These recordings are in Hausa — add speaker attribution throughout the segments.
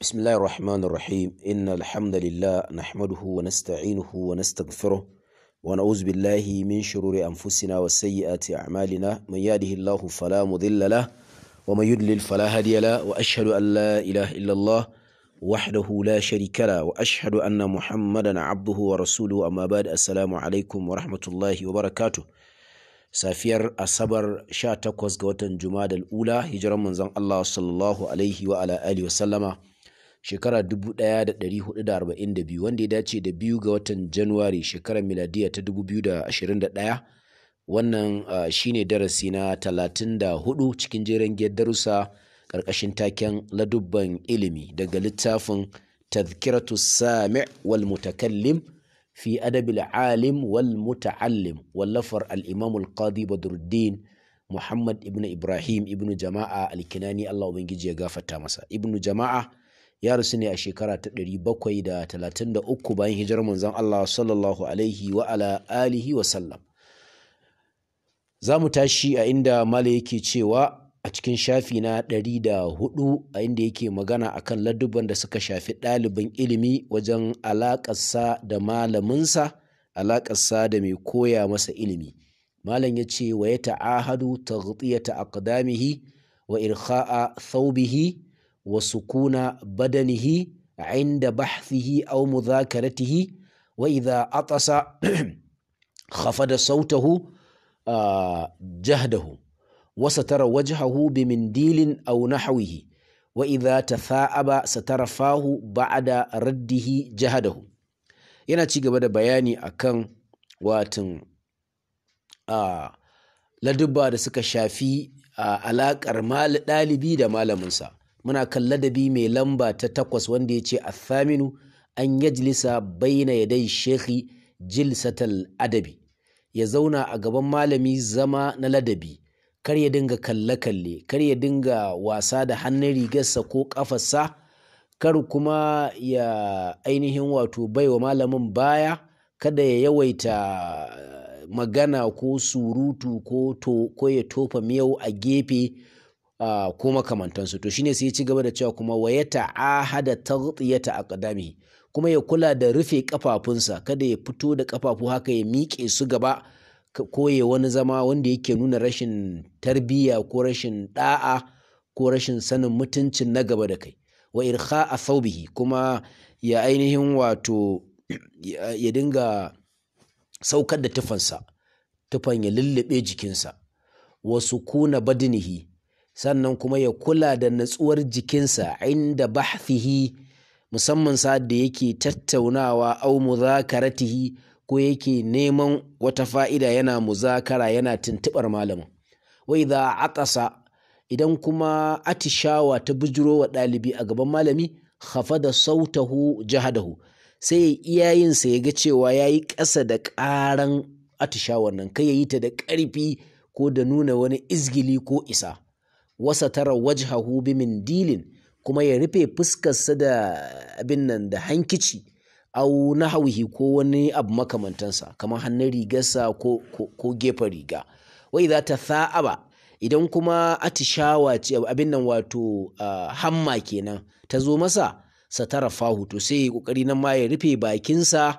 Speaker 1: بسم الله الرحمن الرحيم إن الحمد لله نحمده ونستعينه ونستغفره ونعوذ بالله من شرور أنفسنا وسيئات أعمالنا من يهده الله فلا مضل له ومن يضلل فلا هادي له وأشهد أن لا إله إلا الله وحده لا شريك له وأشهد أن محمدا عبده ورسوله أما بعد السلام عليكم ورحمة الله وبركاته safiyar asabar 18 ga watan juma'a da ula hijiran manzon Allah sallallahu alaihi wa ala alihi wa sallama shekara 1442 wanda ya dace da biyu ga watan Januwari shekarar miladiya ta 2021 wannan shine darasi na 34 cikin jeren giyar darussa ƙarƙashin taken ladubban ilimi daga littafin tazkiratu sami' wal mutakallim fi adabil alim wal muta'allim wallafar al-imam al muhammad ibnu ibrahim ibnu jama'a al-kinani Allah ubangiji ya gafata masa ibnu jama'a ya rasu ne a shekara ta uku bayan hijirar manzon Allah sallallahu alaihi wa ala alihi wa sallam za mu tashi a inda mala yake cewa a cikin shafi na ɗari hudu a inda yake magana a kan ladubban da suka shafi ɗalibin ilimi wajen alaƙarsa da malaminsa alaƙarsa da mai koya masa ilimi malam ya ce wa ya ta'ahadu ta aqdamihi wa irkha'a thawbihi wa sukuna badanihi inda bahfihi aw muzakaratihi wa idha atasa da sautahu jahdahu wa satara wajhahu bimindilin aw nahwihi wa idha tatha'aba satara fahu ba'ada raddihi jahdahu yana ci gaba da bayani akan watan ladubba da suka shafi a alaƙar ɗalibi da malaminsa muna kan ladabi mai lamba ta takwas wanda ya ce a faminu an yajlisa baina dai shekhi jilsatal adabi ya zauna a gaban malami zama na ladabi kar ya dinga kalle-kalle kar ya dinga wasa da hannun rigarsa ko kafarsa kar kuma ya ainihin wato baiwa malamin baya kada ya yawaita eh, magana ko surutu ko ya tofa miyau a gefe Ah, ko makamantansu to shine sai ya ci gaba da cewa kuma waya ya ta'ahada taghtiyata aqdami kuma ya kula da rufe kafafunsa kada ya fito da kafafu haka ya miƙe su gaba ko ya wani zama wanda yake nuna rashin tarbiyya ko rashin da'a ko rashin sanin mutuncin na gaba da kai wa irkha a thawbihi kuma ya ainihin wato ya dinga saukar da tufansa tufan ya lullube jikinsa wa sukuna badinihi sannan kuma ya kula da natsuwar jikinsa inda bahfihi musamman sa'ad da yake tattaunawa au muzakaratihi ko yake neman wata fa'ida yana muzakara yana tuntuɓar malamin wai za ƙasa idan kuma atishawa ta bujuro wa ɗalibi a gaban malami hafa da sautahu jahadahu sai ya iyayensa ya ga cewa ya yi ƙasa da ƙaran atishawar nan kai ya yi ta da ƙarfi ko da nuna wani izgili ko isa wasa tara wajhahu bi dilin kuma ya rufe fuskarsa da abin nan da hankici au hauhi ko wani abu makamantansa kamar hannun rigarsa ko gefen riga wai za ta tatha'aba idan kuma atishawa ce abin nan wato hamma kenan ta zo masa satara fahu to sai kokari nan ma ya rufe bakinsa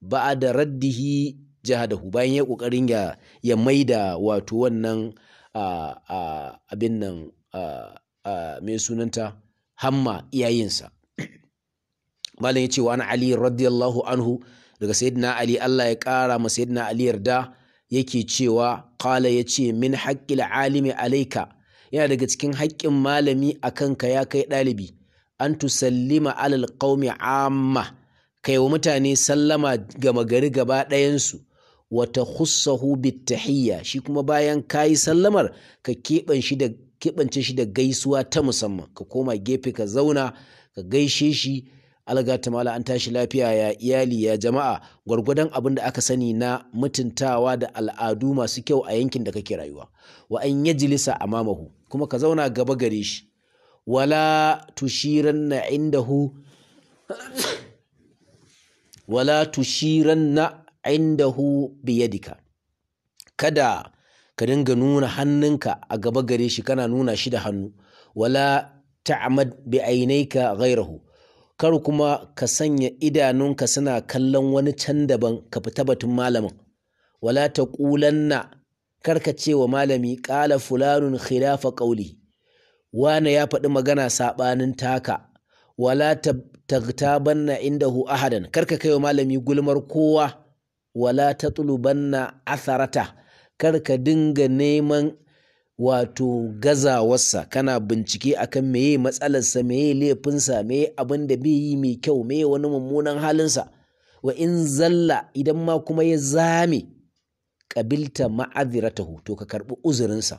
Speaker 1: ba'a da raddihi jihadahu bayan ya kokarin ya ya maida wato wannan abin nan mai sunanta hamma iyayensa malam ya ce wa ali radiyallahu anhu daga sayyidina ali Allah ya kara ma sayyidina ali yarda yake cewa qala yace min haqqil alimi alayka yana daga cikin haƙƙin malami akan ka ya kai ɗalibi an tusallima alal qaumi amma kai wa mutane sallama gama gari gaba ɗayansu wata hussahu bittahiyya shi kuma bayan kayi sallamar ka keɓance shi da gaisuwa ta musamman ka koma gefe ka zauna ka gaishe shi alga ta mala an tashi lafiya ya iyali ya jama'a gwargwadon abin da aka sani na mutuntawa da al'adu masu kyau a yankin da kake rayuwa wa an yajlisa amamahu kuma ka zauna gaba gare shi wala tushiranna indahu wala tushiranna indahu biyadika kada ka dinga nuna hannunka a gaba gare shi kana nuna shi da hannu wala ta'mad bi ainaika ghairahu kar kuma ka sanya idanunka suna kallon wani can daban ka fita batun malamin wala taqulanna kar ka ce wa malami qala fulanun khilafa qawli wana ya faɗi magana saɓanin taka wala tagtabanna indahu ahadan kar ka kai wa malami gulmar kowa wala ta tulubanna atharata kar ka dinga neman wato gazawarsa kana bincike akan meye matsalarsa meye laifinsa meye abin da bai yi mai kyau meye wani mummunan halinsa wa in zalla idan ma kuma ya zame ƙabilta ma'aziratahu to ka karbi uzurinsa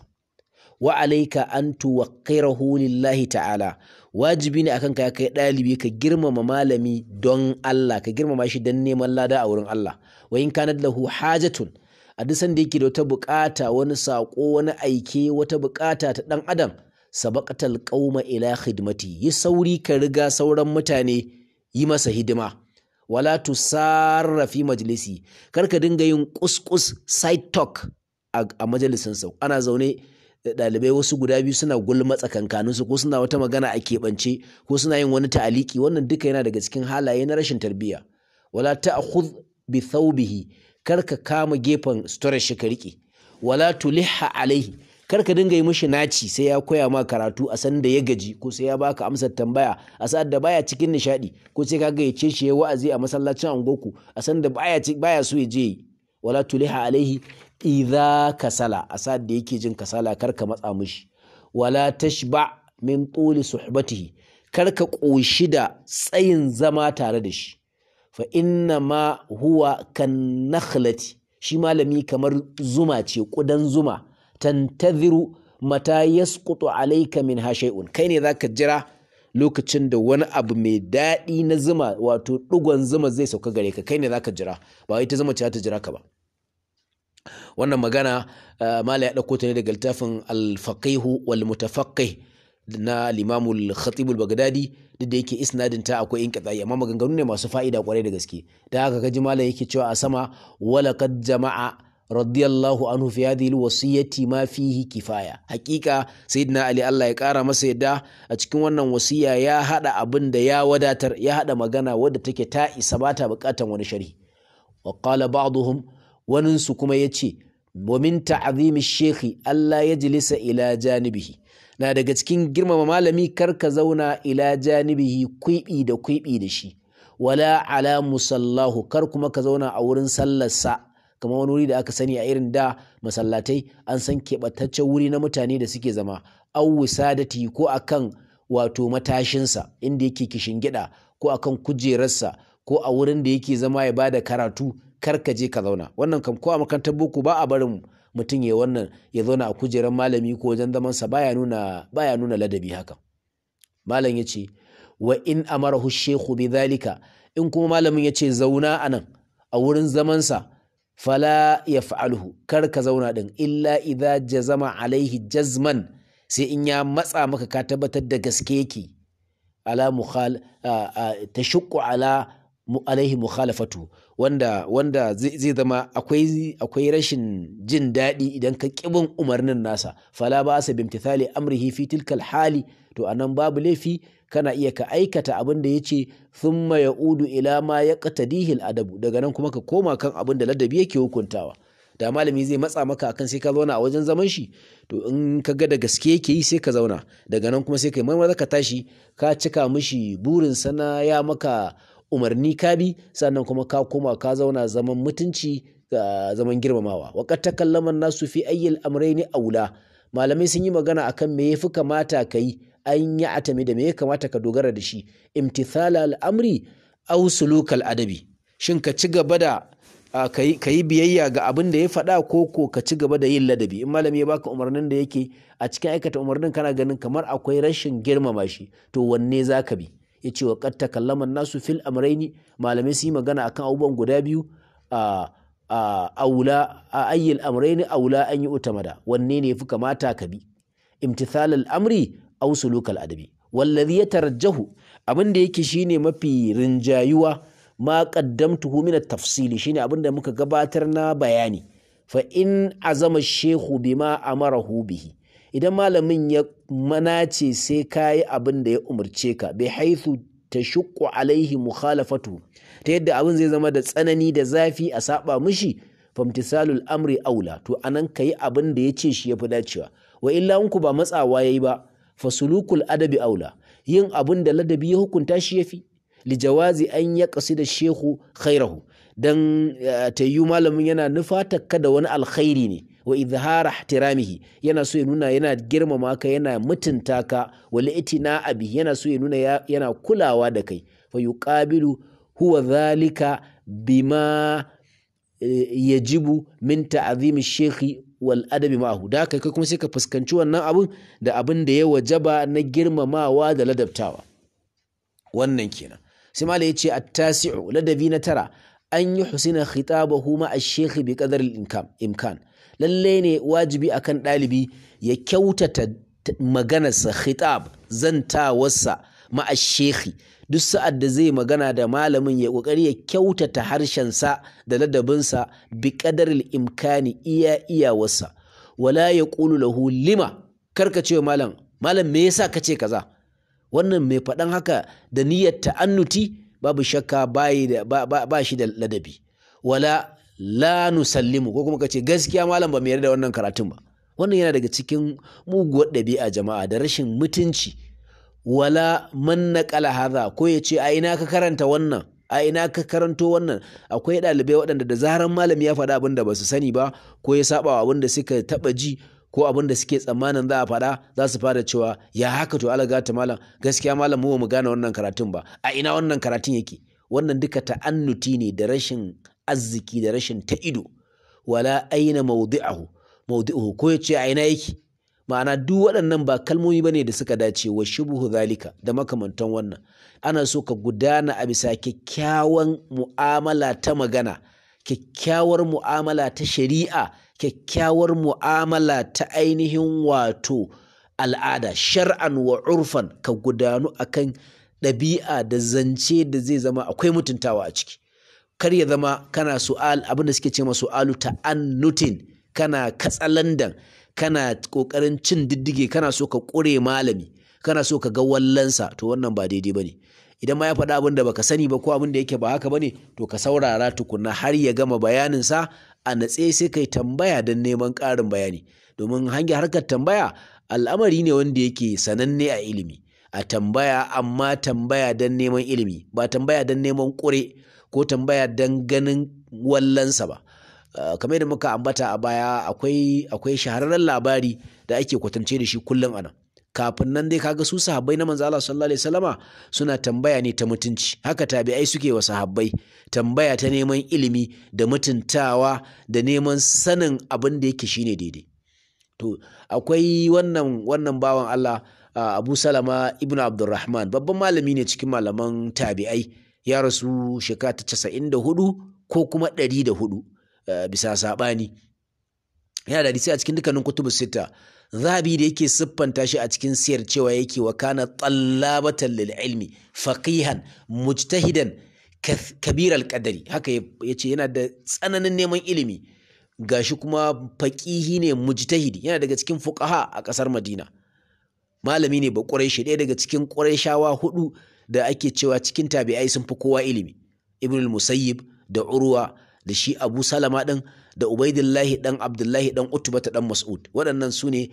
Speaker 1: wa alaika an tuwaqqirahu lillahi ta'ala wajibi ne akan ka kai ɗalibi ka girmama malami don Allah ka girmama shi don neman lada a wurin Allah wa in kana lahu hajatun a duk sanda yake da wata bukata wani sako wani aike wata bukata ta dan adam sabaqatal qauma ila khidmati yi sauri ka riga sauran mutane yi masa hidima wala tusarra fi majlisi kar ka dinga yin kuskus side talk a majalisinsa ana zaune da dalibai wasu guda biyu suna gulma tsakankaninsu ko suna wata magana a keɓance ko suna yin wani ta'aliki wannan duka yana daga cikin halaye na rashin tarbiyya wala ta'khudh bi thawbihi kar kama gefen suturar shi ka rike wala tulihha alaihi karka dinga yi mishi naci sai ya koya ma karatu a san da ya gaji ko sai ya baka amsar tambaya a sa'ad da baya cikin nishadi ko sai kaga ya ce shi ya wa'azi a masallacin angoku a san da baya baya so ya je wala tuliha alaihi idza kasala a sa'ad da yake jin kasala kar ka matsa mishi wala tashba min tuli suhbatihi kar ka koshi da tsayin zama tare da shi fa inna ma huwa kan nakhlati shi malami kamar zuma ce kudan zuma tantaziru mata yasqutu alayka min shaiun kai ne zaka jira lokacin da wani abu mai daɗi na zuma wato ɗugon zuma zai sauka gare ka kai ne zaka jira ba wai ta zama ta jira ka ba wannan magana eh, mala ya ɗauko ta ne daga littafin alfaƙihu wal mutafaqqih na limamul khatibul bagdadi duk da yake isnadin ta akwai in katsai amma maganganu ne masu fa'ida kwarai da gaske da haka kaji malam yake cewa a sama wala kad jama'a radiyallahu anhu fi hadhihi al-wasiyyati ma fihi kifaya hakika sayyidina ali Allah ya kara masa yadda a cikin wannan wasiya ya hada abin da ya wadatar ya hada magana wadda take ta isa bata bukatan wani sharhi wa qala ba'dhum waninsu kuma ya ce wamin ta'azimi shekhi Allah ya jilisa ila janibihi na daga cikin girmama malami kar ka zauna ila janibihi kwiɓi da kwiɓi da shi wala ala musallahu kar kuma ka zauna a wurin sallarsa kamar wani wuri da aka sani a irin da masallatai an san keɓataccen wuri na mutane da suke zama au wisadati ko akan wato matashinsa inda yake kishin gida ko akan kujerarsa ko a wurin da yake zama ya bada karatu kar ka je ka zauna wannan kam ko a makarantar boko ba a barin mutum ya wannan ya zauna a kujerar malami ko wajen zaman sa baya nuna baya nuna ladabi haka malam ya ce wa in amarahu shehu bi zalika in kuma malamin ya ce zauna anan a wurin zaman sa fala ya fa'alhu kar ka zauna din illa idza jazama alaihi jazman sai in ya matsa maka ka tabbatar da gaske yake ala mukhal ta ala alaihi mukhalafatu wanda wanda zai zama akwai akwai rashin jin daɗi idan ka kibin umarnin nasa fala ba sa bimtithali amrihi fi tilkal hali to anan babu laifi kana iya ka aikata abin da yace thumma yaudu ila ma yaqtadihi adabu daga nan kuma ka koma kan abin da ladabi yake hukuntawa da malami zai matsa maka akan sai ka zauna a wajen zaman shi to in ka ga da gaske yake yi sai ka zauna daga nan kuma sai kai marmara ka tashi ka cika mishi burin sana ya maka umarni ka bi sannan kuma ka koma ka zauna zaman mutunci ga zaman girmamawa wakata ta kallaman nasu fi ayyul amrayni aula malamai sun yi magana akan me yafi kamata ka yi an yi atami da me ya kamata ka dogara da shi imtithala amri aw sulukal adabi shin ka ci gaba da ka yi biyayya ga abin da ya faɗa ko ko ka ci gaba da yin ladabi in malami ya baka umarnin da yake a cikin aikata umarnin kana ganin kamar akwai rashin girmama shi to wanne za ka bi ya ce wa katta kallaman nasu fil amraini malamai su yi magana akan abubuwan guda biyu a aula a ayyil amraini aula an yi utamada wanne ne fi kamata ka bi imtithal al-amri aw suluk al-adabi wallazi yatarajjahu abin da yake shine mafi rinjayuwa ma qaddamtuhu min at tafsil shine abin da muka gabatar na bayani fa in azama shehu bima amarahu bihi idan malamin ya manace sai ka yi abin da ya umarce ka bai haithu ta shuƙu alaihi mukhalafatu ta yadda abin zai zama da tsanani da zafi a saba mishi famtisalul amri aula to anan ka yi abin da ya ce shi ya fi dacewa wa illa ku ba matsawa ya yi ba fasulukul adabi aula yin abin da ladabi ya hukunta shi ya fi lijawazi an ya kasu da shehu khairahu don eh, ta malamin yana nufata kada wani alkhairi ne wa izhara ihtiramihi yana so ya nuna yana girmama ka yana mutunta ka wa itina abi yana so ya nuna yana kulawa da kai fa yuqabilu huwa zalika bima eh, yajibu min ta'zimi shaykh wal adabi ma'ahu da kai kuma sai ka fuskanci wannan abun da abin da ya wajaba na girmamawa da ladabtawa wannan kenan sai mala yace at-tasi'u ladabi na tara an yi husina khitabahu ma ash-shaykh bi qadar al-imkan lallai ne wajibi akan ɗalibi ya kyautata maganarsa khitab zantawarsa ma'a duk sa'ad da zai magana da malamin ya kokari ya kyautata harshensa da ladabinsa bi qadaril imkani iya iyawarsa wala ya qulu lahu lima karka ce malam malam me yasa kace kaza wannan mai faɗan haka da niyyar ta'annuti babu shakka ba, shi da ladabi wala la nusallimu ko kuma ka ce gaskiya malam ba mu yarda da wannan karatun ba wannan yana daga cikin muguwar ɗabi'a jama'a da rashin mutunci wala man naqala hadha ko ya ce a ina ka karanta wannan a ina ka karanto wannan akwai ɗalibai waɗanda da zaran malami ya faɗa abin da ba su sani ba ko ya saba abin da suka taɓa ji ko abin da suke tsammanin za a faɗa za su fara cewa ya haka to ala gata malam gaskiya malam mu mu gane wannan karatun ba a ina wannan karatun yake wannan duka ta'annuti ne da rashin arziki da rashin ta ido wala aina mawdi'ahu mawdi'uhu ko yace a ina yake ma'ana duk waɗannan ba kalmomi bane da suka dace wa shubuhu zalika da makamantan wannan ana so ka gudana a bisa kyakkyawan mu'amala ta magana kyakkyawar mu'amala ta shari'a kyakkyawar mu'amala ta ainihin wato al'ada shar'an wa urfan ka gudanu akan ɗabi'a da zance da zai zama akwai mutuntawa a ciki kar ya zama kana su'al abin da suke ce ma su'alu ta'annutin kana katsalandan kana kokarin cin diddige kana so ka kure malami kana so ka ga wallansa to wannan ba daidai bane idan ma ya faɗa abin da baka sani ba ko abin da yake ba haka bane to ka saurara tukunna har ya gama bayanin sa a natse sai kai tambaya don neman ƙarin bayani domin hanyar harkar tambaya al'amari ne wanda yake sananne a ilimi a tambaya amma tambaya don neman ilimi ba tambaya don neman ƙure ko tambaya don ganin wallansa ba ah, kamar yadda muka ambata a baya akwai akwai shahararren labari da ake kwatance da shi kullum anan kafin nan dai kaga su sahabbai na manzo Allah sallallahu alaihi wasallama suna tambaya ne ta mutunci haka tabi'ai suke wa sahabbai tambaya ta neman ilimi da mutuntawa da neman sanin abin da yake shine daidai to akwai wannan wannan bawan Allah ah, Abu Salama ibn Abdulrahman, babban malami ne cikin malaman tabi'ai ya rasu shekara ta casa'in da hudu ko kuma ɗari da hudu eh, bisa saɓani yana da hadisi a cikin dukkanin kutubu sita zabi da yake siffanta shi a cikin siyar cewa yake wa kana tsallabatan lil ilmi faqihan mujtahidan kabir alqadari haka yace yana da tsananin neman ilimi gashi kuma faqihi ne mujtahidi yana daga cikin fuqaha a kasar Madina malami ne ba quraishi ɗaya daga cikin quraishawa hudu da ake cewa cikin tabi'ai sun fi kowa ilimi ibn musayyib da urwa da shi abu salama ɗin da ubaidillahi ɗan abdullahi ɗan ta ɗan mas'ud waɗannan su ne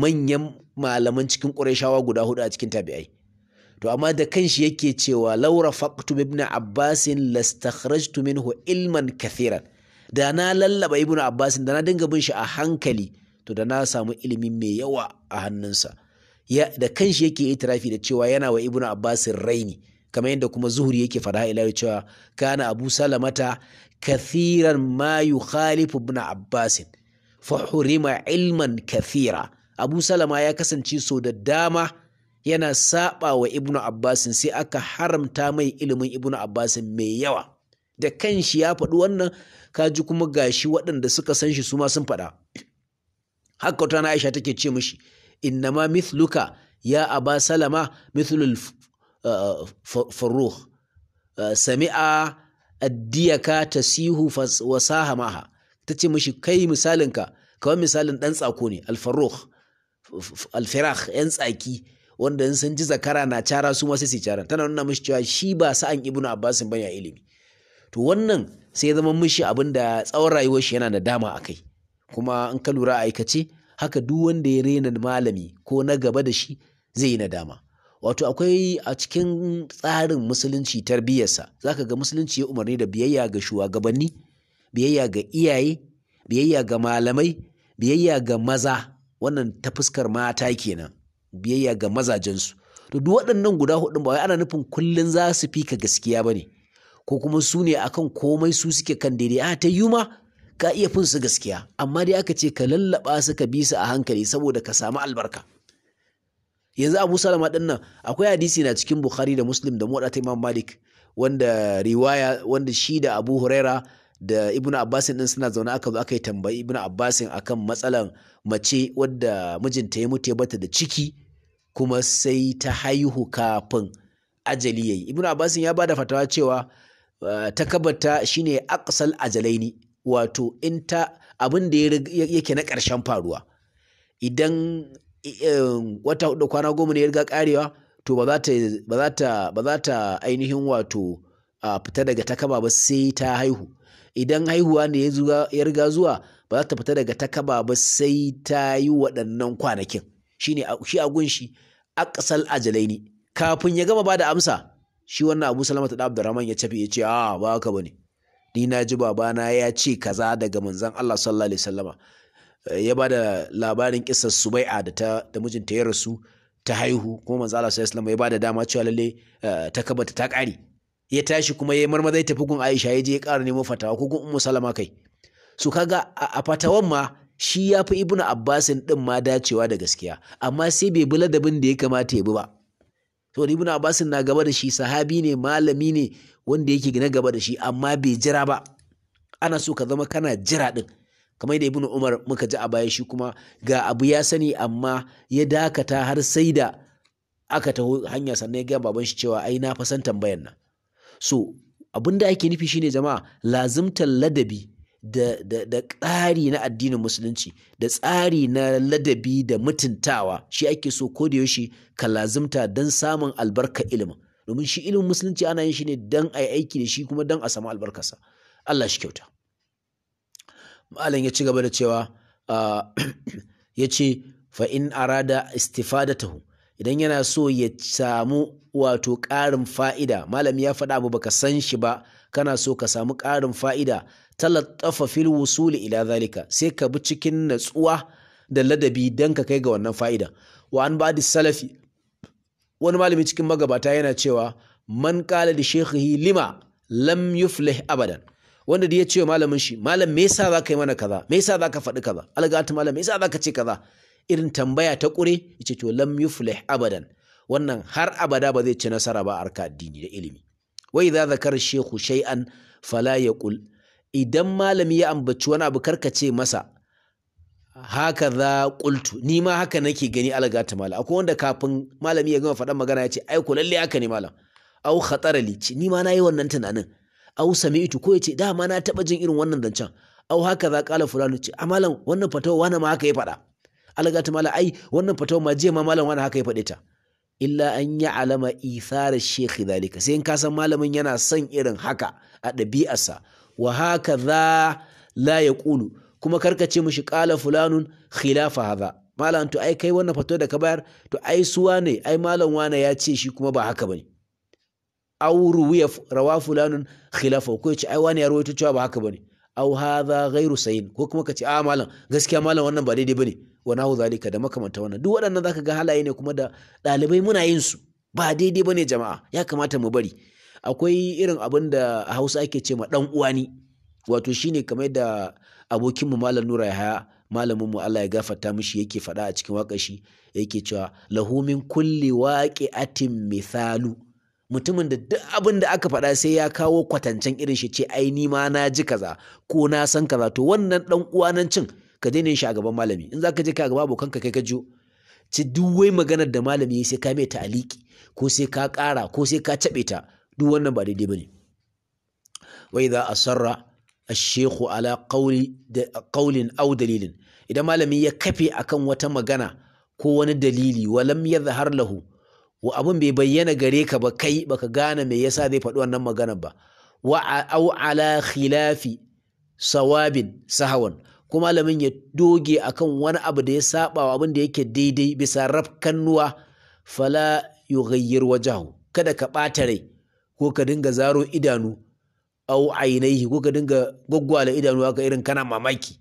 Speaker 1: manyan malaman cikin ƙurashawa guda hudu a cikin tabi'ai to amma da kan shi yake cewa laura faqtu ibn abbasin lastakhrajtu minhu ilman kathiran da na lallaba ibn abbasin da na dinga bin shi a hankali to da na samu ilimi mai yawa a hannunsa da kanshi yake itirafi da cewa yana wa ibnu abbas raini kamar yadda kuma zuhuri yake fada ila cewa kana abu salamata kathiran ma yukhalifu ibn abbas fa hurima ilman kathira abu salama ya kasance so da dama yana saba wa ibnu abbas sai aka haramta mai ilimin ibnu abbas mai yawa da kanshi ya faɗi wannan kaji kuma gashi waɗanda suka san shi su ma sun faɗa haka wata na aisha take ce mishi inna ma mithluka ya aba salama mithlul uh, farruh uh, sami'a addiyaka tasihu wasahamaha ta ce mishi kai misalinka kawai misalin ɗan tsako ne alfarruh yan tsaki wanda in sun ji zakara na cara su masu su cara tana nuna mishi cewa shi ba sa'an ibnu abbasin bane a ilimi to wannan sai ya zama mushi abin da tsawon rayuwar shi yana da dama akai kuma in ka lura aikace haka duk wanda ya rena malami ko na gaba da shi zai yi nadama wato akwai a cikin tsarin musulunci tarbiyyarsa ka ga musulunci ya umarni da biyayya ga shugabanni biyayya ga iyaye biyayya ga malamai biyayya ga maza wannan ta fuskar mata kenan biyayya ga mazajensu to duk waɗannan guda hudun ba ana nufin kullum za su fi ka gaskiya bane ko kuma su ne akan komai su suke kan daidai a ta ma. ka iya fin su gaskiya amma dai aka ce ka lallaba su ka bi su a hankali saboda ka samu albarka yanzu Abu Salama din nan akwai hadisi na cikin Bukhari da Muslim da Muwatta Imam Malik wanda riwaya wanda shi da Abu Huraira da Ibn Abbasin din suna zaune aka zo aka yi tambayi Ibn Abbasin akan matsalan mace wadda mijinta ya mutu ya bata da ciki kuma sai ta haihu kafin ajali yayi Ibn Abbasin ya bada fatawa cewa eh, takabata shine aqsal ajalaini wato in ta abin da yake na ƙarshen faruwa idan wata hudu kwana goma ne ya riga karewa to ba za ta ainihin wato a fita daga takaba ba sai ta haihu idan haihuwa ne ya riga zuwa ba za ta fita daga takaba ba sai ta yi waɗannan kwanakin shine shi a gunshi ajalai ne kafin ya gama ba da amsa shi wannan abu salamata da abdurrahman ya cafi ya ce a ah, ba haka ne. ni na ji babana ya ce kaza daga manzon Allah sallallahu alaihi wasallama eh, ya ba da labarin kisar subai'a da ta da mijinta ya rasu ta haihu kuma manzo Allah sallallahu alaihi wasallama ya ba da dama cewa lalle eh, ta kabata ta kare ya tashi kuma ya marmaza zai tafi gun Aisha ya je ya ƙara nemo fatawa ko gun Ummu Salama kai su kaga a fatawan ma shi ya fi Ibnu Abbasin din ma dacewa da gaskiya amma sai bai bi ladabin da ya kamata ya bi ba to Ibnu Abbasin na gaba da shi sahabi ne malami ne wanda yake na gaba da shi amma bai jira ba ana so ka zama kana jira din kamar da ibn umar muka ji a baya shi kuma ga abu ya sani amma ya dakata har sai da aka taho hanya sannan ya ga baban shi cewa ai na fasan tambayan nan so abin da ake nufi shine jama'a lazimtar ladabi da tsari na addinin musulunci da tsari na ladabi da mutuntawa shi ake so ko da yaushe ka lazimta don samun albarka ilimin domin shi ilimin musulunci ana yin shi ne dan a yi aiki da shi kuma dan a samu albarkarsa Allah shi kyauta malam ya ci gaba da cewa ah, ya ce fa in arada istifadatahu idan yana so ya samu wato ƙarin fa'ida malam ya faɗa abu baka san shi ba kana so ka samu ƙarin fa'ida talattafa fil wusuli ila zalika sai ka bi cikin natsuwa da ladabi don ka kai ga wannan fa'ida wa an ba'di salafi wani malami cikin magabata yana cewa man kala da shaykhihi lima lam yuflih abadan wanda da ya ce malamin shi malam me yasa zaka yi mana kaza me yasa zaka faɗi kaza algatu malam me yasa zaka ce kaza irin tambaya ta ƙure yace to lam yuflih abadan wannan har abada ba zai ci nasara ba arka addini da ilimi wa idza zakara shekhu shay'an fala yaqul idan malami ya ambaci wani abu karka ce masa haka za kultu ni ma haka nake gani alaga ta malam akwai wanda kafin malami ya gama faɗan magana ya ce ai ku lalle haka ne malam au khatara li ce ni ma na yi wannan tunanin au sami'tu ko ya ce ma na taɓa jin irin wannan zancen au haka za kala fulani ce a malam wannan fatawa wani ma haka ya faɗa alaga ta malam ai wannan fatawa ma jiya ma malam wani haka ya faɗe ta illa an yi alama ithara shekhi zalika sai in ka san malamin yana son irin haka a ɗabi'arsa wa haka za la ya ƙulu kuma karka ce mishi ƙala fulanun khilafa haza. malam to ai kai wannan fato da ka bayar to ai suwa ne ai malam wane ya ce shi kuma ba haka bane aw ruwiya rawa fulanun khilafa ko ce ai wani ya rawaito cewa ba haka bane aw hadha ghairu sayin ko kuma ka ce a malam gaskiya malam wannan ba daidai bane wa nahu zalika da makamanta wannan duk waɗannan zaka ga halaye ne kuma da ɗalibai muna yin su ba daidai bane jama'a ya kamata mu bari akwai irin abin da a Hausa ake ce ma dan uwani wato shine kamar da abokinmu malam nura yahaya malamin mu Allah ya gafarta mishi yake fada a cikin waƙar shi yake cewa lahumin kulli waƙi atin misalu mutumin da duk abin da aka fada sai ya kawo kwatancen irin shi ce ai ni ma na ji kaza ko na san kaza to wannan dan uwanan cin ka daina shi a gaban malami in zaka je ka gaba abokanka kai ka jiyo ci duk wai maganar da malami sai ka mai ta'aliki ko sai ka kara ko sai ka caɓe ta duk wannan ba daidai wai za idza asarra ashehu ala qawli au dalilin idan malami ya kafe akan wata magana ko wani dalili walam yadhhar lahu wa abun bai bayyana gare ka ba kai baka gane me yasa zai faɗi wannan magana ba wa au ala khilafi sawabin sahawan ko malamin ya doge akan wani abu da ya saba wa abin da yake daidai bisa rafkannuwa fala yughayyir wajahu kada ka ɓata rai ko ka dinga zaro idanu au ainihi ko ka dinga gwaggwala idanu haka irin kana mamaki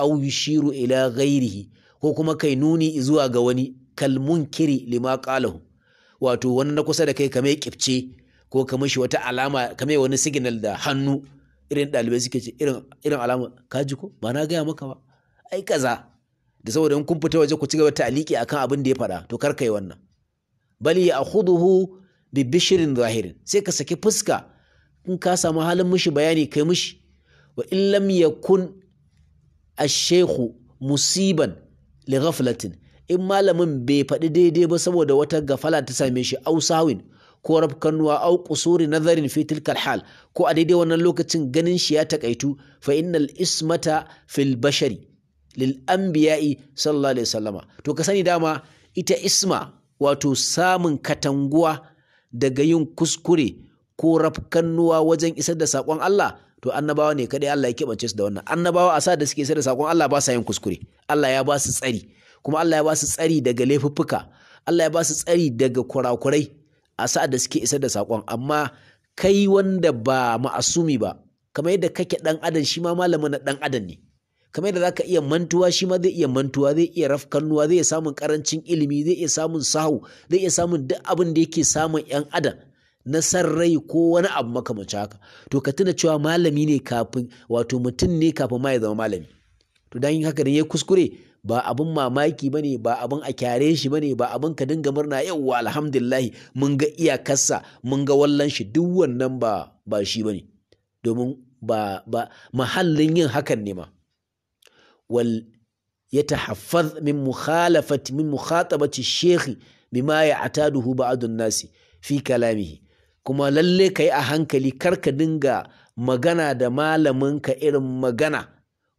Speaker 1: au yushiru ila ghairihi ko kuma kai nuni zuwa ga wani kalmun kiri lima qalahu wato wani na kusa da kai kamar kipce ko ka mishi wata alama kamar wani signal da hannu irin dalibai suke ce irin irin alama kaji ko ba na gaya maka ba ai kaza da saboda in kun fita waje ku ci gaba ta'aliki akan abin da ya faɗa to kar kai wannan bali ya akhuduhu bi bishirin zahirin sai ka saki fuska in ka samu halin mushi bayani kai mushi wa in lam yakun ash musiban li ghaflatin in malamin bai faɗi daidai ba saboda wata gafala ta same shi au sawin ko rafkanuwa au qusuri nazarin fi tilkal hal ko a daidai wannan lokacin ganin shi ya takaitu fa innal ismata fil bashari lil anbiya'i sallallahu alaihi wasallama to ka sani dama ita isma wato samun katanguwa daga yin kuskure ko rafkannuwa wajen isar da saƙon Allah to annabawa ne kadai Allah ya keɓance su da wannan annabawa a sa da suke isar da saƙon Allah ba sa yin kuskure Allah ya ba su tsari kuma Allah ya ba su tsari daga laifuffuka Allah ya ba su tsari daga kurakurai a sa da suke isar da saƙon amma kai wanda ba ma'asumi ba kamar yadda kake ɗan adam shi ma malamin na ɗan adam ne kamar yadda zaka iya mantuwa shi ma zai iya mantuwa zai iya rafkannuwa zai iya samun karancin ilimi zai iya samun sahu zai iya samun duk abin da yake samun yan adam na san rai ko wani abu makamanci haka to ka tuna cewa malami ne kafin wato mutum ne kafin ma ya zama malami to dan yin haka ne ya kuskure ba abin mamaki ba ne ba abin a kyare shi ba ne ba abin ka dinga murna yauwa alhamdulillahi mun ga iyakarsa mun ga wallan shi duk wannan ba ba shi ba ne domin ba ba mahallin yin hakan ne ma wal yatahaffaz min mukhalafati min mukhatabati shekhi bima ya'taduhu ba'd an-nasi fi kalamihi kuma lalle ka yi a hankali kar ka dinga magana da malaminka irin magana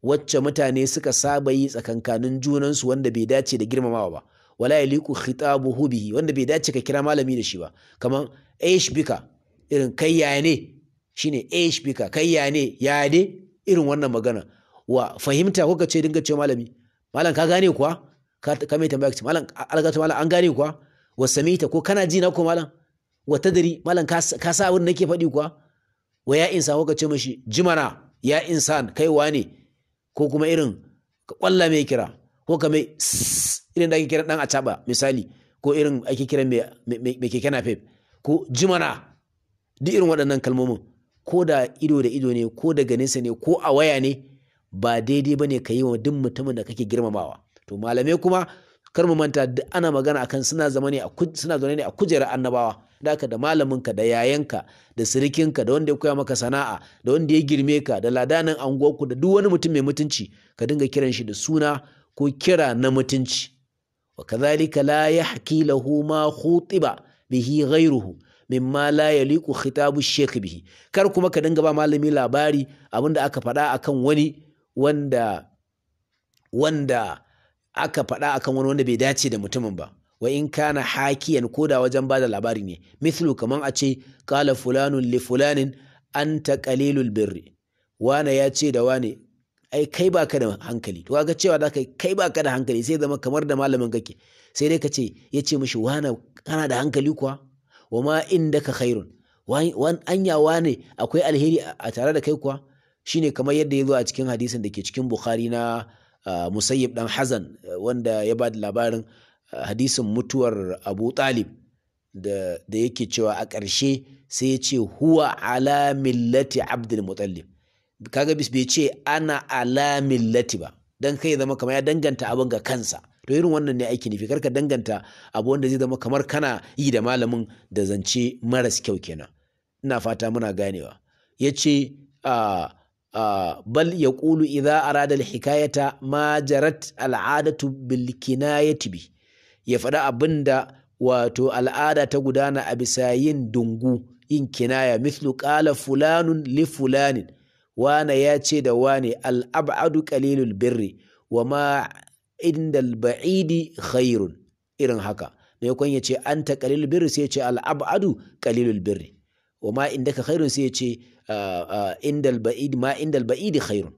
Speaker 1: wacce mutane suka saba yi tsakankanin junansu wanda bai dace da girmamawa ba wala liku khitabuhu hubihi wanda bai dace ka kira malami da shi ba kaman aish bika irin kai ya ne shine aish bika kai ya ne ya ne irin wannan magana wa fahimta ka ce dinga ce malami malam ka gane kuwa ka mai tambaya ka ce malam malam an gane kuwa wa samita ko kana ji na ko malam wa tadri malam ka sa abin nake faɗi kuwa wa ya insa ko ka ce mashi jimana ya insan kai wane ko kuma irin ka kwalla mai kira ko ka mai irin da ake kira dan acaba misali ko irin ake kira mai keke napep ko jimana duk irin waɗannan kalmomin ko da ido da ido ne ko daga nesa ne ko a waya ne ba daidai ba ne ka yi wa duk mutumin da kake girmamawa to malamai kuma kar mu manta duk ana magana akan suna zama ne ne a kujerar annabawa da ka da malaminka da yayanka da sirikinka da wanda ya koya maka sana'a da wanda ya girme ka da ladanin anguwarku da duk wani mutum mai mutunci ka dinga kiran shi da suna ko kira na mutunci wa kadhalika la yahki lahu ma khutiba bihi ghayruhu mimma la yaliqu khitabu shaykh bihi kar kuma ka dinga ba malami labari abinda aka faɗa akan wani wanda wanda aka faɗa akan wani wanda bai dace da mutumin ba wa in kana hakiyan koda wajen bada labari ne mithlu kaman a ce qala fulanun li fulanin anta qalilul birri wane ya ce da wane ai kai baka da hankali to kaga cewa zaka kai baka da hankali sai zama kamar da malamin kake sai dai kace ce mishi wane kana da hankali kuwa wa ma indaka khairun wan anya wane akwai alheri a tare da kai kuwa shine kamar yadda ya zo a cikin hadisin da ke cikin bukhari na ah, musayyib dan hazan wanda ya ba da labarin hadisin mutuwar abu talib da yake cewa a ƙarshe sai ya ce huwa ala millati abdul mutallib kaga bis bai ce ana ala millati ba dan kai zama kamar ya danganta abin ga kansa to irin wannan ne aiki nufi karka danganta abu wanda zai zama kamar kana yi da malamin da zance maras kyau kenan ina fata muna ganewa ya ce bal ya ƙulu idza arada alhikayata ma jarat al'adatu bil kinayati bi ya faɗi abin da wato al'ada ta gudana a bisa yin dungu yin kinaya mislu ƙala fulanun li fulanin wane ya ce da wane al'ab'adu ƙalilul birri wa ma indal ba'idi khairun irin haka maimakon ya ce an ta ƙalilul birri sai ya ce al'ab'adu ƙalilul birri wa ma ka khairun sai ya ce ma ah, ah, ba'idi ma indal ba'idi khairun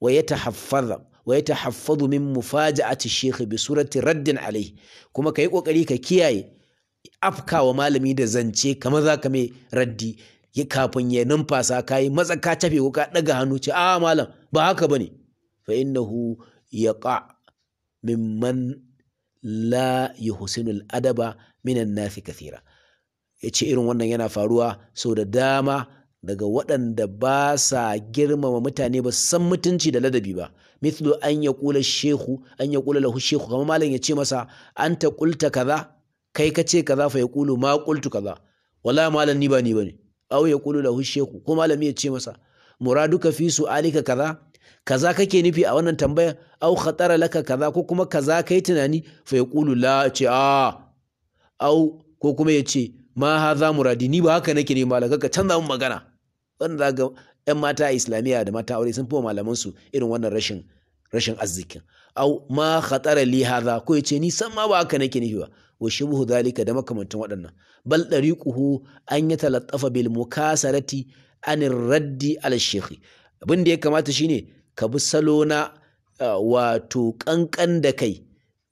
Speaker 1: wa yatahaffaza wa ya tahaffadu min mufaja'ati shekhi bi surati raddin alaihi kuma ka yi ƙoƙari ka kiyaye afkawa malami da zance kamar za ka mai raddi kafin ya numfasa ka yi matsa ka tafe ko ka ɗaga hannu ce a ah, malam ba haka ba ne fa innahu yaqa man la yuhsinu adaba minan nasi kathira yace irin wannan yana faruwa sau da dama daga waɗanda ba sa girmama mutane ba san mutunci da ladabi ba mithlu an kula shehu an kula lahu shehu kamar malam ya ce masa an ta kulta kaza kai ka ce kaza fa kulu ma kultu kaza wala malam ni ba ni bane aw kula lahu shehu ko malami ya ce masa muraduka fi su'alika kaza kaza kake nufi a wannan tambayar au khatara laka kaza ko kuma kaza kai tunani fa kulu la ce a au ko kuma ya ce ma haza muradi ni ba haka nake ne malaka ka canza mun magana wannan zaga 'yan mata a islamiyya da mata aure sun fi malamansu irin wannan rashin rashin arzikin au ma khatara li hadha ko yace ni san ma ba haka nake nufi ba wa shibhu dhalika da makamantan waɗannan bal dariquhu an yatalattafa bil mukasarati an raddi al shaykh abin da ya kamata shine ka bi salo na wato kankan da kai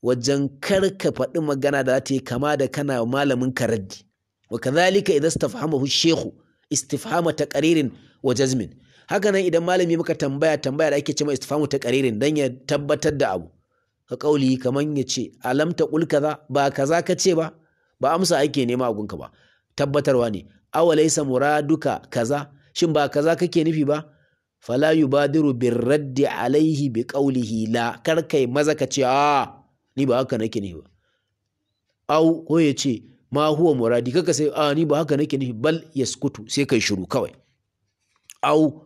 Speaker 1: wajen kar ka faɗi magana da ta yi kama da kana malamin ka raddi wa kadhalika idza istafhamahu shaykh istifhama taqririn wa jazmin haka nan idan malami muka tambaya tambaya da ake cewa istifamu ta qaririn dan ya tabbatar da abu ka kauli kaman ya ce alam ta qul kaza ba kaza ka ce ba ba amsa ake nema a ka ba tabbatarwa ne laysa muraduka kaza shin ba kaza kake nufi ba fala yubadiru birraddi alaihi bi qawlihi la kar maza ka ce a ni ba haka nake nufi ba aw ko ya ce ma huwa muradi kaka sai a ni ba haka nake nufi bal yaskutu sai kai shiru kawai au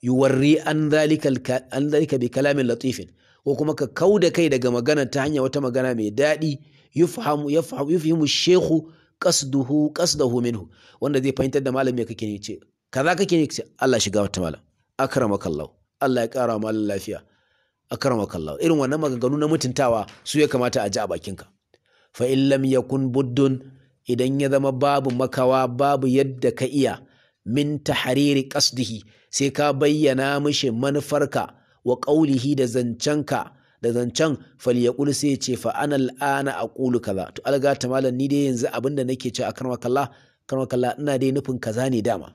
Speaker 1: yuwarri an dhalika an bi kalamin latifin ko kuma ka kauda kai daga magana ta hanyar wata magana mai daɗi yufhamu yafhamu yufhimu shekhu qasduhu qasdahu minhu wanda zai fahimtar da malami ya kake ne ce kaza kake ne ce Allah shiga wata malam akramakallahu Allah ya kara ma lafiya akramakallahu irin wannan maganganu na mutuntawa su ya kamata a ji a bakinka fa in lam yakun buddun idan ya zama babu makawa babu yadda ka iya min tahariri qasdihi sai ka bayyana mishi manufarka wa qaulihi da zancenka da zancen falyaqul sai ce fa ana al'ana aqulu kaza to alga ta malam ni dai yanzu abinda nake cewa akan wakalla kan wakalla ina dai nufin kaza ne dama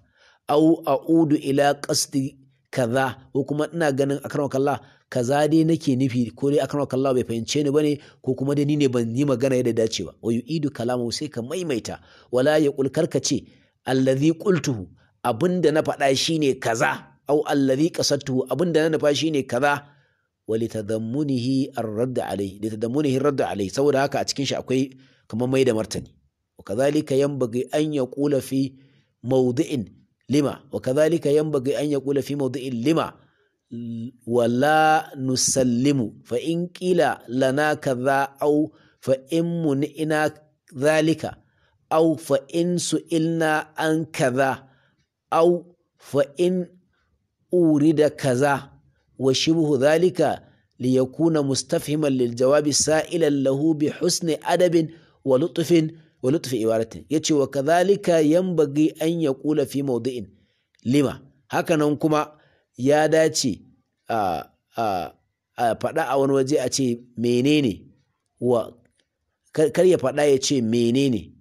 Speaker 1: au a'udu ila qasdi kaza ko kuma ina ganin akan wakalla kaza dai nake nufi ko dai akan wakalla bai fahimce ni bane ko kuma dai ni ne ban yi magana yadda dace ba wa yu'idu kalamu sai ka maimaita wala yaqul karka ce allazi qultuhu abin da na faɗa shine kaza au allazi ƙasattu abin da na nufa shine kaza walitadammunihi ar-radd alai litadammunihi ar-radd alai saboda haka a cikin shi akwai kamar mai da martani wa yan bagai an ƙula fi mawdi'in lima wa yan bagai an ƙula fi mawdi'in lima wala nusallimu fa in ƙila lana kaza au fa in munina zalika. au fa in su'ilna an kaza au fa in urida kaza wa shibhu dhalika liyakuna mustafhiman lil jawabi sa'ilan lahu bi husni adabin wa lutfin wa lutfi ibaratin yace wa kadhalika yanbaghi an yaqula fi mawdi'in lima hakanan kuma ya dace a a a faɗa a wani waje a ce menene wa kar ya faɗa ya ce menene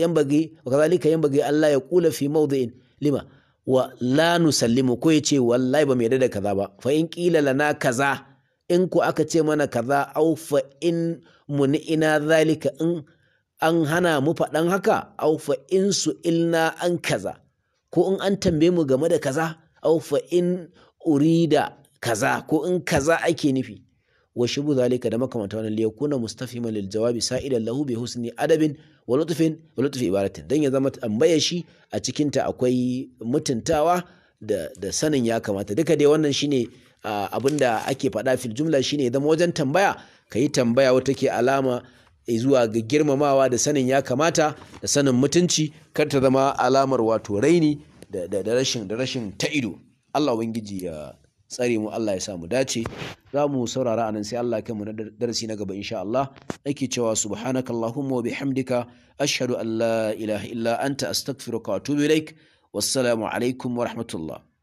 Speaker 1: yanbaghi wa kadhalika yanbaghi Allah ya qula fi mawdi'in lima wa la nusallimu ko ya ce wallahi ba mu yarda da kaza ba fa in qila lana kaza in ku aka ce mana kaza au fa in ina zalika in an hana mu faɗan haka au fa in su ilna an kaza ko in an tambaye mu game da kaza au fa in urida kaza ko in kaza ake nufi wa shubu zalika da makamanta wannan liyakuna mustafiman lil jawabi sa'ilan lahu bi husni adabin wa lutfin ibaratin dan ya zama tambaya shi a cikin ta akwai mutuntawa da sanin ya kamata duka dai wannan shine abinda ake faɗa fil jumla shine zama wajen tambaya kayi tambaya wata ke alama zuwa ga girmamawa da sanin ya kamata da sanin mutunci kar ta zama alamar wato raini da rashin ta ido Allah ubangiji ya tsare mu Allah ya sa mu dace za mu saurara anan sai Allah kai mu na darasi na gaba insha Allah nake cewa subhanakallahumma wa bihamdika ashhadu an la ilaha illa anta astaghfiruka wa atubu ilaik wassalamu alaikum wa rahmatullah